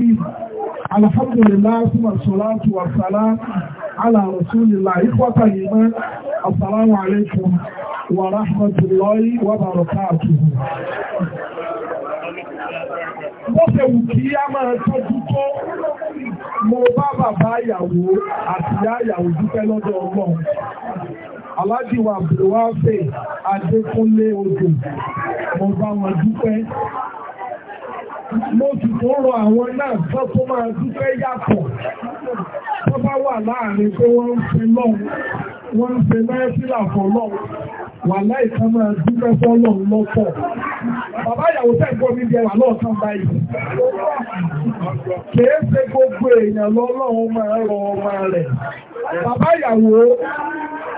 alhamdulillah suma salatu wa salam ala rasulillah ikwata iman assalamu alaikum wa rahmatullahi wa barakatuhu bó ṣe wù kí a máa tọ́jú tó mo bá bàbá ìyàwó àti ìyá ìyàwó dúpẹ́ lọ́dọ̀ ọlọ́run alájíwà bèwà fè adékúnlé odò mo bá wọn dúpẹ́ mo sì tó rọ àwọn náà tó tó máa dúpẹ́ yàtọ̀ tó bá wà láàrin pé wọ́n ń fi lọ́wọ́ wọ́n ń fi mẹ́sílà fọ́lọ́ wà láìka máa dúpẹ́ fọ́lọ́ lọ́pọ̀ bàbá ìyàwó tẹ́gbọ́n mi jẹ́ wà lọ́ọ̀kan báyìí kìí ṣe gbogbo èèyàn lọ́lọ́run máa rọ ọmọ rẹ̀ bàbá ìyàwó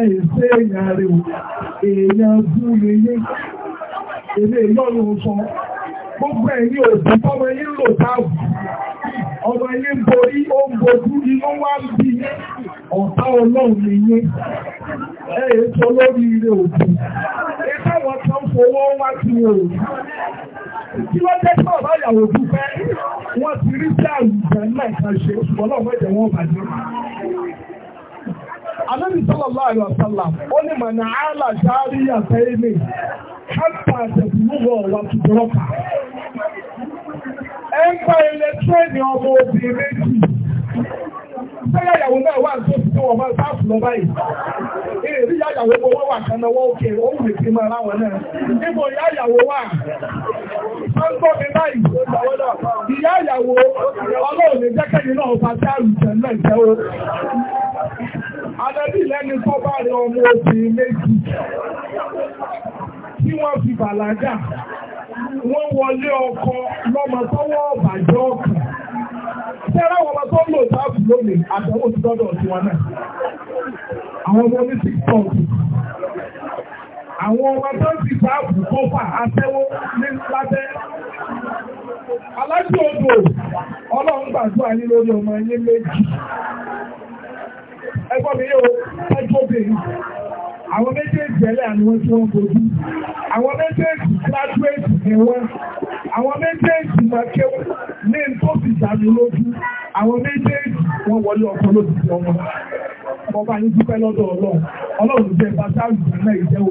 ẹ̀yìn sí èèyàn rẹ̀ o èèyàn bú lè yé ilé ìlọ́run sọ gbogbo ẹ̀yìn òbí tọ́mọ yín lò táàbù ọmọ yín borí ó ń bojú inú wá ń bí ọ̀tá ọlọ́run lè yé ẹ̀yìn sọ lórí ilé òbí ìtàwọn kan fowó wá sí òòrùn kí wọ́n jẹ́ tí ọ̀bá ìyàwó dúpẹ́ wọ́n ti rí sí àrùn ìjẹ́ náà kan ṣe ṣùgbọ́n náà bàjẹ́ Ànábì sallallahu alaihi wasallam ó ní mà ní àlà járí àtẹ́yé mi kápá àtẹ̀kùnúwọ̀ wà tùdọ́rọ́kà. Ẹ ń bá ilé tírẹ́nì ọmọ obìnrin méjì. Sẹ́yà ìyàwó náà wà tó ti wọ̀ máa sáàfù lọ báyìí. Èrí yá ìyàwó gbọ́ wọ́n wà kan náà wọ́n òkè ó wùlé sí máa láwọn náà. Níbo ìyá ìyàwó wà? Má ń gbọ́ mi báyìí. Ìyá ìyàwó ọlọ́run ní jẹ́kẹ́ni náà fà sí àrùjẹ náà jẹ́ o. Adébí lẹ́ni tó bá rí ọmọ obìnrin méjì tí wọ́n fi bàlágà, wọ́n wọlé ọkọ lọ́mọ tọ́wọ́ ọ̀bàjọ́ ọkàn. Tẹ́rẹ́ wọn bá tó ń lò táàbù lónìí àtẹ̀wò ti dọ́dọ̀ sí wọn náà. Àwọn ọmọ ní six pounds. Àwọn ọmọ tó ń fi táàbù kó fà àtẹ́wò ní lábẹ́. Alájọ́ odò, ọlọ́run gbàdúrà yín lórí ọmọ yín méjì ẹgbọ́n mi yóò ẹjọ́ bèèrè àwọn méjèèjì ẹlẹ́ àni wọ́n tí wọ́n bojú àwọn méjèèjì graduate ni wọ́n àwọn méjèèjì makéwù ní tó fi dànù lójú àwọn méjèèjì wọ́n wọlé ọkọ̀ lójú sí ọmọ ọba yín dúpẹ́ lọ́dọ̀ ọlọ́run ọlọ́run jẹ́ bàtà ìgbà náà ìjẹ́ o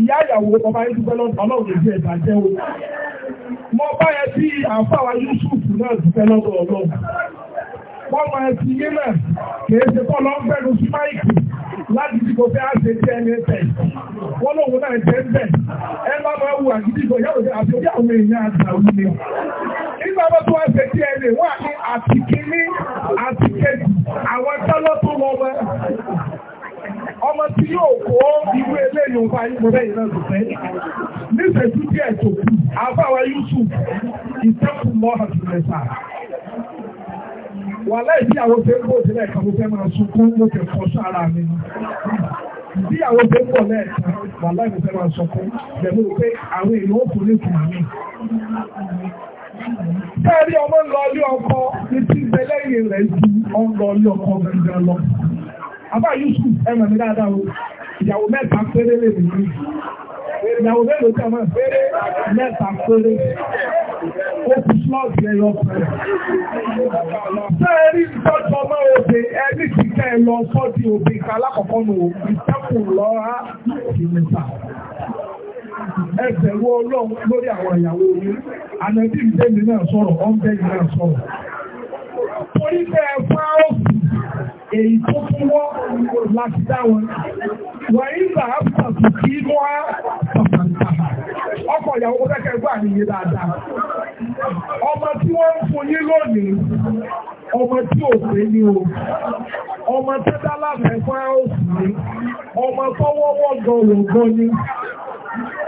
ìyá ìyàwó ọba yín dúpẹ́ lọ́dọ̀ ọlọ́run jẹ́ ìbàjẹ́ o mo bá yẹ bí àfáwà Yusuf náà dúpẹ́ lọ́dọ̀ ọlọ́run wọ́n máa ti yé náà kìí ṣe kọ́ lọ fẹ́nu sí máìkì láti dìbò fẹ́ àṣẹ tí ẹni ẹ̀tẹ̀ wọ́n lòun náà jẹ́ ń bẹ̀ ẹ bá máa wù àgídìgbò yàwó àti orí àwọn èèyàn àgbà òun ni nígbà bá tó àṣẹ tí ẹni wà ní àtìkíní àtìkejì àwọn tọ́lọ́ tó lọ mọ́ ọmọ tí yóò kó ìwé eléyìí ọba ìmọ̀lẹ́ ìrìnà lùfẹ́ nífẹ̀ẹ́ sí díẹ̀ tó àbáwá Yusuf ìtẹ́kùn mọ́ àtìlẹ́sà wà láì bí àwọn tó ń bò sílẹ̀ kan mo fẹ́ máa sunkún mo fẹ́ kọ́ sára mi bí àwọn tó ń bọ̀ lẹ́ẹ̀kan wà láì mo fẹ́ máa sunkún lẹ́nu pé àwọn èèyàn ó kún ní kùn mí. Káàrí ọmọ ń lọ ilé ọkọ ní tí ń bẹ lẹ́yìn rẹ̀ ju ọ̀n lọ ilé ọkọ gangan lọ. Àbá Yusuf ẹ mọ̀ dáadáa o, ìyàwó mẹ́ta péré lè mí rí. Ìyàwó mélòó kàn máa péré mẹ́ta péré plọ́ọ̀sì ẹyọ pẹ̀lú. Sẹ́ẹ̀rí ìtọ́jú ọmọ òde ẹni tí kẹ́ ẹ lọ sọ́ọ̀dì òde ká lákọ̀ọ́kọ́ nù ìtẹ́kù lọ á ìmẹ̀ta. Ẹsẹ̀ wo ọlọ́run lórí àwọn ìyàwó mi, ànàbí ìdẹ́mi náà sọ̀rọ̀, ọ̀ńdẹ́mi náà sọ̀rọ̀. Torí bẹ́ẹ̀ fáwọ́sì èyí tó tún wọ́ láti dá wọn ọkọ̀ ìyàwó kó fẹ́kẹ́ gbà níye dáadáa ọmọ tí wọ́n ń fún yín lónìí ọmọ tí ò pé ní o ọmọ tó dá lábẹ́ fún ẹ́ọ̀sì ni ọmọ tó wọ́wọ́ gọ̀ọ̀gọ̀ ni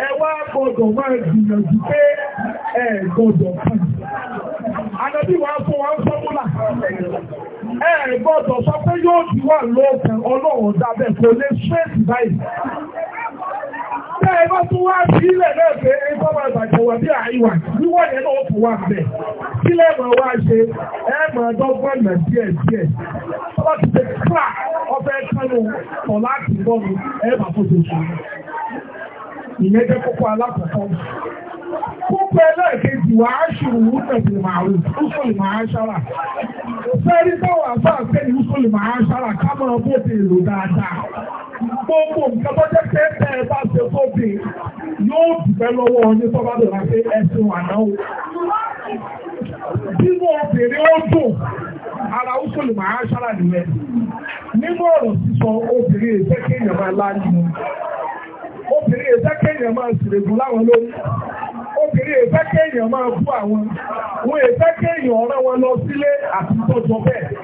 ẹ wá gbọ́dọ̀ máa gbìyànjú pé ẹ gbọ́dọ̀ kàn àdàbí wàá fún wa ń fọ́múlà ẹ gbọ́dọ̀ sọ pé yóò ti wà lóòkan ọlọ́run dábẹ́ kò lè ṣẹ́ẹ̀tì báyìí ẹgbọ́ tó wá sí ilẹ̀ náà pé ẹgbọ́ máa bàjẹ́ wà bí àìwà wíwọ́ yẹn náà fò wà bẹ̀ kí lẹ́mọ̀ wá ṣe ẹ̀mọ̀ dọ́gbọ́n nà díẹ̀ díẹ̀ ọba ti ṣe kíkà ọbẹ̀ kánú ọ̀la àti bọ́ọ̀lù ẹ̀mà fòṣe ṣe ìyẹn jẹ́ kókó alákọ̀ọ́kọ́ kókó ẹlẹ́ẹ̀kejì wà á ṣùrù wúnẹ̀sì màálù úsùlù màá ṣára fẹ́rí báwọn àbá àfẹ́ ní úsùlù màá ṣára ká máa bó ti èrò dáadáa gbogbo nǹkan tó jẹ́ pé ẹ bá ṣe fóbi yóò dùbẹ́ lọ́wọ́ ní tó bá bẹ̀rẹ̀ pé ẹ̀sùn ànáwó. Nínú obìnrin ó dùn, ara ó sọ̀lù máa ṣára nìyẹn. Nínú ọ̀rọ̀ sísọ obìnrin èsẹ́ kéèyàn máa láàyè. Obìnrin èsẹ́ kéèyàn máa sìrègùn láwọn lórí. Obìnrin èsẹ́ kéèyàn máa bú àwọn. Wọ́n èsẹ́ kéèyàn ọ̀rẹ́ wọn lọ sílé àti tọ́jọ bẹ́ẹ̀.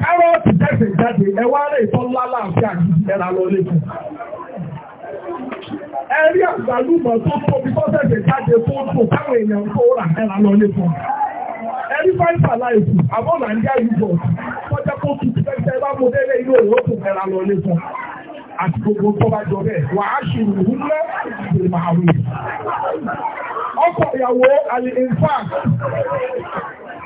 kárọ̀tì tẹ̀sẹ̀ jáde ẹwà rẹ̀ ìtọ́ lálá àti àjíjì lọ lẹ́kùn. ẹ̀rí àgbàlùmọ̀ tó tóbi tó tẹ̀sẹ̀ jáde tó tó káwọn èèyàn tó rà ẹ̀rà lọ lẹ́kùn. ẹ̀rí fáìfà láìsù àbọ̀ nàìjíríà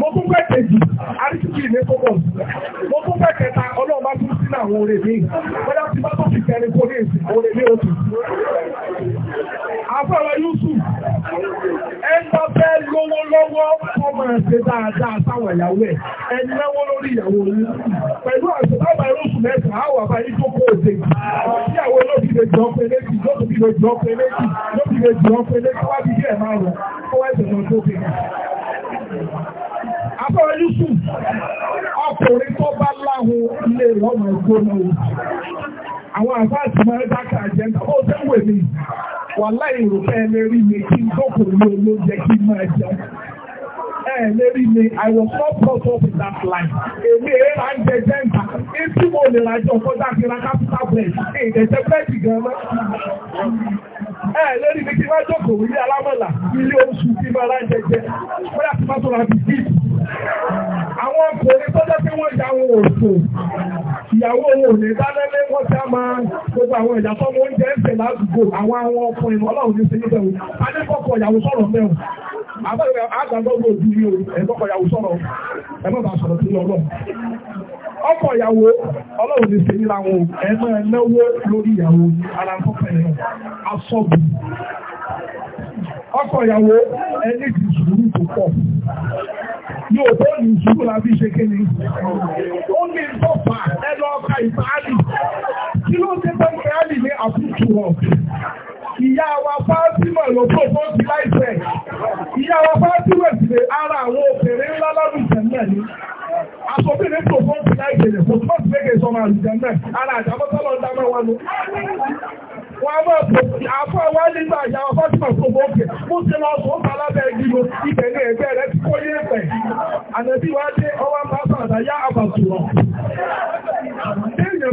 mo tún fẹ́ kejì àríṣìkì ní kókò mo tún fẹ́ kẹta ọlọ́run bá tún sínú àwọn orè mi bọ́dá ti bá tó fi kẹrin kó ní èsì orè mi oṣù. afọ́lọ́ Yusuf ẹgbọ́ fẹ́ lówó lọ́wọ́ kọ́ máa ṣe dáadáa sáwọn ìyàwó ẹ̀ ẹ náwó lórí ìyàwó yìí pẹ̀lú àṣìbáwà irúṣù mẹ́sàn-án àwọn àbáyé tó kó òde ìyàwó lóbìnrin jọ pé léjì lóbìnrin jọ pé léjì lóbìnrin jọ pé léjì wá bí bí ẹ̀ máa rọ̀ kó wá ìṣẹ̀lẹ̀ tó kéka pásọ̀ yíṣù ọkùnrin tó bá láhùn ilé ìrọ̀mọ̀ ìgbóná àwọn àbáàtì máa ń dákà jẹ́ ó tẹ́ wè mí wà láì rò pé ẹ lérí mi kí n tókùnrin ló jẹ́ kí n máa jẹun ẹ lérí mi I was not brought up in that life èmi èyí là ń jẹ jẹ́ǹtà etí mo lè rajọ fọ́jà kí n ra capital bread èdè jẹ́ bẹ́ẹ̀dì gan-an. Ee lórí ibi ma wọ́n jókòó ilé alámọ̀là ilé oṣù tí máa rán jẹjẹ wọ́n yà tomato la fi Àwọn ọkùnrin tó jẹ́ pé wọ́n ìyàwó ti máa gbogbo àwọn ìyá tó mọ oúnjẹ ń tẹ̀ ládùúgbò àwọn àwọn ọkùnrin ọlọ́run ní sinmi bẹ̀rù. Adékọ̀kọ̀ ìyàwó sọ̀rọ̀ ẹ̀kọ́kọ̀ ìyàwó sọ̀rọ̀ ẹ̀mọ́ bá sọ̀rọ̀ ọkọ ìyàwó ọlọ́run ní sí níra wọn lórí ìyàwó ara tọ́pẹ́ ẹ̀rọ asọ́bù ọkọ ìyàwó ẹni ti sùúrù tó pọ̀ yóò tó ní sùúrù láti ṣe kéde ó ní tọ́pà ẹnu ìbáàlì kí ló ní ìyá wa ló tó àrùjẹ náà ara àjàbọ́tọ́lọ́ dámẹ́ wọn nù. Wọ́n mọ̀ pé àfọ́ wọn nígbà ìyá ọkọ̀ tí wọ́n fòmọ́ òkè. Mo ti lọ sọ ọ́pàá lábẹ́ igi lo ibẹ̀ ní ẹgbẹ́ rẹ ti kó yé pẹ̀. Ànàbí wa dé ọwọ́ máa bàbá yá àbàtù a máa bẹ̀yẹ̀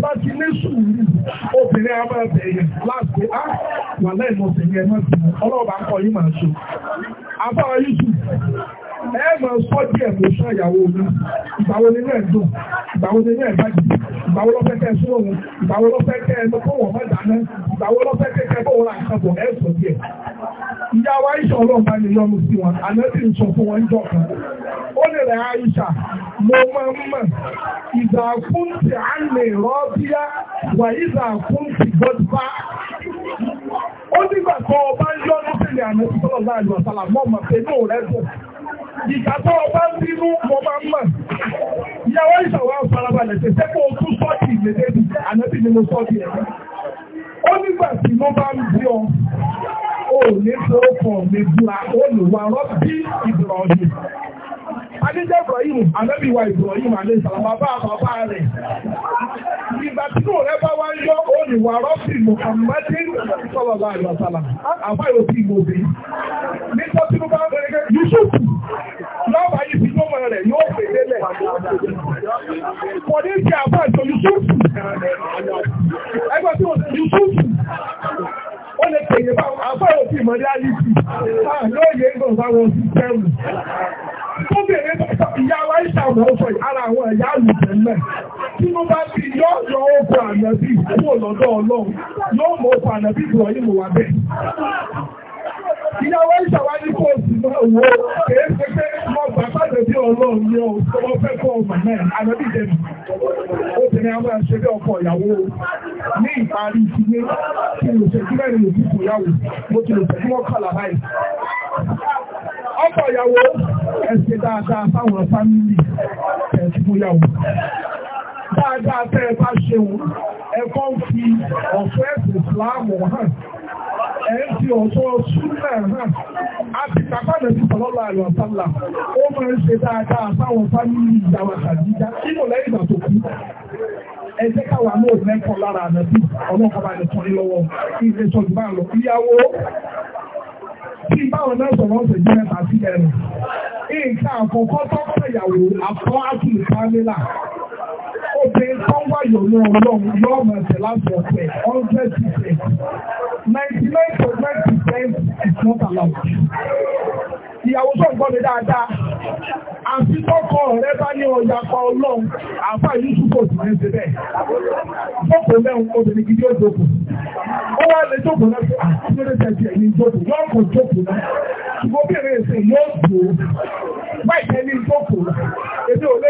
láti á wà lẹ́yìn ọ̀sẹ̀ yẹn máa ti ọlọ́ọ̀bá ń kọ yín máa ṣe. Àbá ìgbàwó lọ́fẹ́ kẹ́ sún òun ìgbàwó lọ́fẹ́ kẹ́ ẹnu kó wọ́n má dáná ìgbàwó lọ́fẹ́ kẹ́ kẹ́ kó wọ́n rà ìsàbọ̀ ẹ̀sọ̀ díẹ̀. ìyá wa Aisha ọlọ́run bá ní yọnu sí wọn àná sì ń sọ fún wọn jọ kan ó lè rẹ̀ Aisha mo máa ń mọ̀ ìgbà kúntì á lè rọ́bíyá wà ìgbà kúntì gbọ́dúbá ó nígbà tó ọba yọnu sílẹ̀ àná ìsọ̀rọ̀ láàrin ọ̀sálà mọ́ ìgbà tó ọba ń bínú mo máa ń mọ̀ ìyàwó ìṣàwọ̀ farabalẹ̀ ṣe sẹ́kọ̀ọ́ tún sọ́ọ̀tì ìlédèbí ànábì nínú sọ́ọ̀tì ẹ̀ ó nígbà tí ló bá ń bí ọ ó ní sọ́ọ̀kọ̀ mi búra ó lò wá rọ́bí ìbùrọ̀ọ̀dì adéjẹ́ Ibrahim ànábì wa Ibrahim àlẹ́ ìsàlámà bàbá rẹ̀ ìgbà tínú rẹ bá wá ń yọ olùwà rọ́bì Muhammadin sallallahu alaihi wasallam àbá yóò ti ìmọ̀ òbí ní tó tínú bá ń rẹ̀ Yusuf lọ́ba ìyá wa ọ̀sọ̀ ara àwọn ẹ̀yà àlùjẹ̀ mẹ́ tí mo bá yóò yọ ogun ànàbí kúrò lọ́dọ̀ ọlọ́run yóò mọ ogun ànàbí ìbùrọ̀ yìí mọ̀ wá ìyàwó ìṣàwá ní kó sì máa wo kèé ṣe pé mo gbà pàdé bí ọlọ́run ni ọ ọmọ fẹ́ kọ́ ọmọ náà àwọn àṣẹ mo ti báyìí ọkọ ìyàwó dáadáa fáwọn fámìlì dáadáa tẹ́ ẹ bá ṣe wù ẹ̀kọ́ ń fi ọ̀fẹ́ ẹ̀sìn ìsìláàmù hàn ẹ̀ ń fi ọ̀tọ̀ súnmọ̀ hàn àti bàbá nàbí sọlọ́lá àlọ́ àtàlà ó máa ń ṣe dáadáa sáwọn fámìlì ìyàwó àtàdíjà nínú lẹ́yìn ìgbà tó kú ẹ jẹ́ káwa náà mẹ́kọ̀ọ́ lára ànàbí ọlọ́kọ̀ọ́ba nìkan lọ́wọ́ ilé sọ̀tún bá lọ ìyàwó tí báwọn náà sọ̀rọ̀ ọ̀sẹ̀ jẹ́ mẹ́ta sí ẹ̀rọ nǹkan àkọ́kọ́ tọ́kọ̀ ìyàwó àkọ́ àtúntà nílà obìnrin tó ń wáyọ̀ ní ọlọ́run yóò mọ̀ ẹ̀sẹ̀ láti ọ̀sẹ̀ hundred percent ninety nine point is not allowed. ìyàwó tó ń gbọ́ mi dáadáa àti tọ́kọ rẹ bá ní ọjà pa ọlọ́run àfà yìí kò sì ní ṣe bẹ́ẹ̀. jókòó mẹ́rin obìnrin gidi ó jókòó. ó wá lè jókòó náà sí àtúndé tẹ̀sí ẹ̀yìn jókòó yóò kò jókòó náà. ṣùgbọ́n bí èrè èsè yóò tó wáìtẹ́ ní jókòó èmi ò lè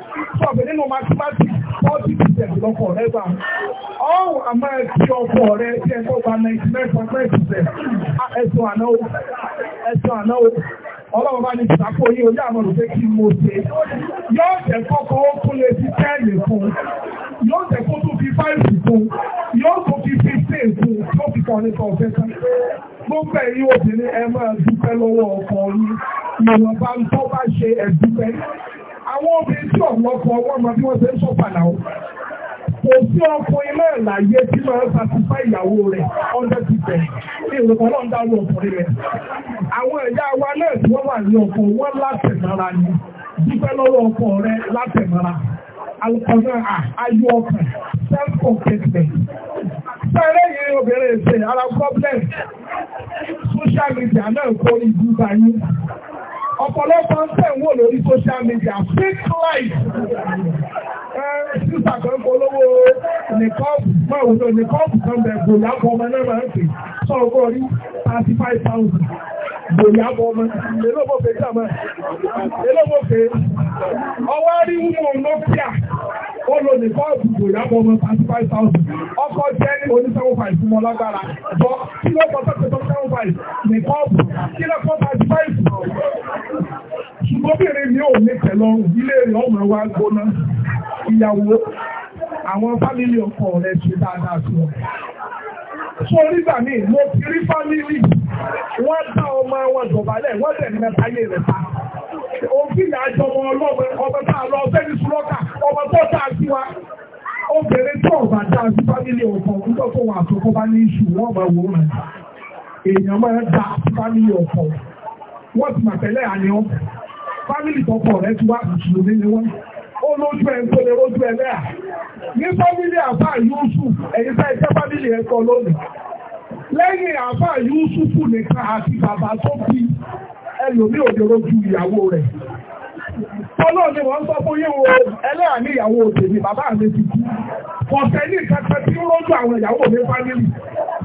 sọ̀bẹ̀ nínú mathematics forty percent lọ́kọ̀ rẹ gbà ọ̀hún àmọ́ ẹ̀sìn ọkọ̀ rẹ tí ẹ̀kọ́ gba ninety nine point nine percent ẹ̀sùn àná o ẹ̀sùn bá ní ìsàkó yìí ojú àwọn olùgbé kí mo ṣe yóò jẹ́ kọ́kọ́ ó tún lè fi tẹ́ẹ̀lì fún yóò jẹ́ kó tún fi fáìlì fún yóò tún fi fífíìn fún yóò fi kọ́ nípa ọ̀fẹ́ kan gbogbo ẹ̀yin obìnrin ẹ máa dúpẹ́ lọ́wọ́ ọkọ yín ìwọ̀nba ń tọ́ bá ṣe ẹ̀dúpẹ́ àwọn obìnrin tí ọ̀hún ọkọ̀ wọn máa bí wọ́n ṣe ń sọ̀pàdà ọ̀ kò sí ọkọ̀ ilé ìlàyé tí máa ń satisfy ìyàwó rẹ̀ hundred percent ní ìrọ̀pọ̀ náà ń dáwọ́ ọkùnrin rẹ̀ àwọn ẹ̀yà wa náà tí wọ́n wà ní ọkọ̀ wọn látẹ̀mára ni dúpẹ́ lọ́wọ́ ọkọ̀ rẹ̀ látẹ̀mára alùpàdé ayé ọkàn self contentment sáré yìí obìnrin ṣe ara problem social media náà kó ibú báyìí ọ̀pọ̀lọpọ̀ ń tẹ̀ wò lórí social media fake life sísà kan polówó nìkọ́ọ̀bù máa wùdó nìkọ́ọ̀bù kan bẹ̀ gbòyàbọ̀ ọmọ náà máa ń pè sọ ọgọ́ rí thirty five thousand gbòyàbọ̀ ọmọ elóbòfè jàmọ́ elóbòfè ọwọ́ rí wúwo Nokia ó lò ní fọ́ọ̀bù kò yàgbọ́ ọmọ thirty five thousand ọkọ̀ jẹ́ ní oní seven five fún wọn lágbára bọ́ kí ló kọ́ tó tó seven five ní fọ́ọ̀bù kí ló kọ́ thirty five ṣùgbọ́n bèrè mi ò ní tẹ̀lọ ilé rẹ̀ ọmọ wa gbóná ìyàwó àwọn fámìlì ọkọ rẹ̀ ṣe dáadáa sí wọn fún onígbà míì mo ti rí fámìlì wọ́n dá ọmọ wọn dọ̀bálẹ̀ wọ́n dẹ̀ mẹ́ta yé rẹ̀ pa òfin àjọ ọmọ ọlọ́mọ ọmọ tá a lọ ọbẹ̀ ní sùlọ́kà ọmọ tó tà sí wa obìnrin tó ọ̀bà dáa sí fámílì ọ̀kan nígbà tó wà tó kọ́ bá ní iṣu wọ́n máa wò rẹ̀ èèyàn máa da fámílì ọ̀kan wọ́n ti mà tẹ́lẹ̀ àníọ́ fámílì tọkọ rẹ̀ ti wá mùsùlùmí ni wọ́n ó lójú ẹ̀ ń tó lè lójú ẹ̀ lẹ́à ní fámílì àfà yúúsù ẹ̀yìn sáà iṣẹ́ fámílì ẹ̀ kọ lónìí lẹ́yìn àfà yúúsùfù nìkan àti bàbá tó bí ẹlòmí òjòrò ju ìyàwó rẹ̀ tọ́lọ́ ni wọ́n sọ fún yíwo ẹlẹ́à ní ìyàwó òtèmi bàbá mi ti kú kọ̀ọ̀tẹ́ ní ìkẹta tí ó lójú àwọn ìyàwó mi fámìlì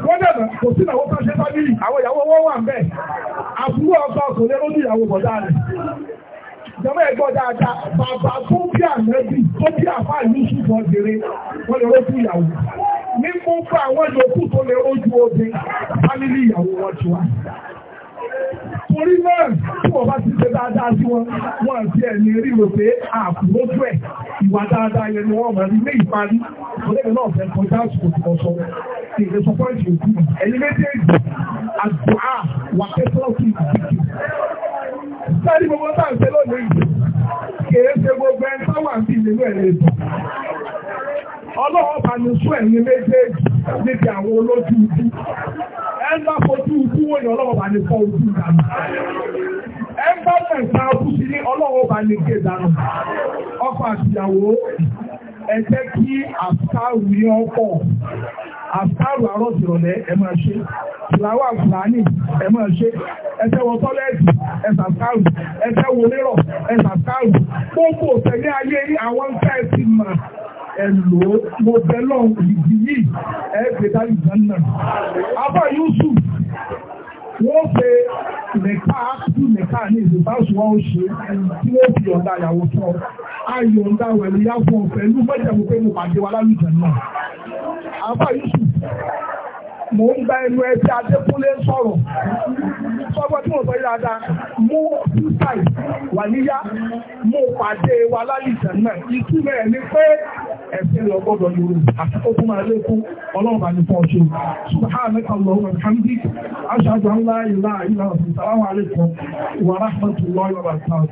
wọ́n dẹ̀bẹ̀ kò sí tó ṣe àwọn ìyàwó wọ́n wà àbúrò ọkọ ọkùnrin lójú ìyàwó bọ̀dá rẹ̀ ìjọba ẹ̀gbọ́n dáadáa bàbá tó bí àmẹ́bí tó bí àfá ìlú ṣùgbọ́n jèrè wọ́n lè rójú ìyàwó fún àwọn ìyókù tó bọ̀ bá ti ṣe dáadáa sí wọn wọn àti ẹni rí rò pé àkùrọ̀ tó ẹ̀ ìwà dáadáa yẹn ni wọ́n mọ̀ ní ìparí olóògbé náà fẹ́ kọjá àsìkò tó sọ ti ìrẹ́ sọ òkú ẹni méjèèjì àdùá wà kẹ́sọ́ sí ìdíkì sáré gbogbo tá ṣe lónìí kèé ṣe gbogbo ẹni táwọn àti ìlú ẹ̀ lè tọ̀ ọlọ́wọ́ bá sún ẹ̀yìn méjèèjì níbi àwọn olójú ojú ẹ̀ ń bá fojú ojú wòye ọlọ́wọ́ bá ní ojú ìdàmú Ẹgbẹ́mẹ̀ta ọkùsí ní ọlọ́wọ́ bá lè gé dànù. Ọkọ àti ìyàwó ẹ jẹ́ kí àṣàrù ní ọkọ̀. Àṣàrù àárọ̀ ìrọ̀lẹ́ ẹ máa ṣe. Fìlàwà Fìlàní ẹ máa ṣe. Ẹsẹ̀ wọ tọ́lẹ́ẹ̀tì ẹ ṣàṣàrù. Ẹsẹ̀ wo lérọ̀ ẹ ṣàṣàrù. Gbogbo òtẹ̀lé ayé àwọn ká ẹ ti mà ẹ̀lò mo bẹ́lọ̀ ìdí yìí Abá Yusuf wọ́n pe nìka ápù nìka ní ìdìbò àṣùwọ́ ó ṣe tí wọ́n fi ọ̀dà ìyàwó fún ọ ayò ọ̀dà wẹ̀lú yá fún ọ pẹ̀lú mọ́jẹ̀mú pé mo pàdé wa lálùjẹ̀ náà àbá Yusuf mo ń gba ẹnu ẹsẹ̀ Adékúnlé sọ̀rọ̀ sọ́gbọ́n tí mo sọ yíra dáa mú sísàì wà níyá mo pàdé wa lálìsàn náà ìtumọ̀ ẹ̀ ni pé ẹ̀sìn lọ gbọ́dọ̀ yòrò àti ó tún máa lékún ọlọ́run bá ní fọ́ ṣe subhanaka allahumma hamdi ashhadu an la ilaha illa anta assalamu alaykum wa rahmatullahi wa barakatuh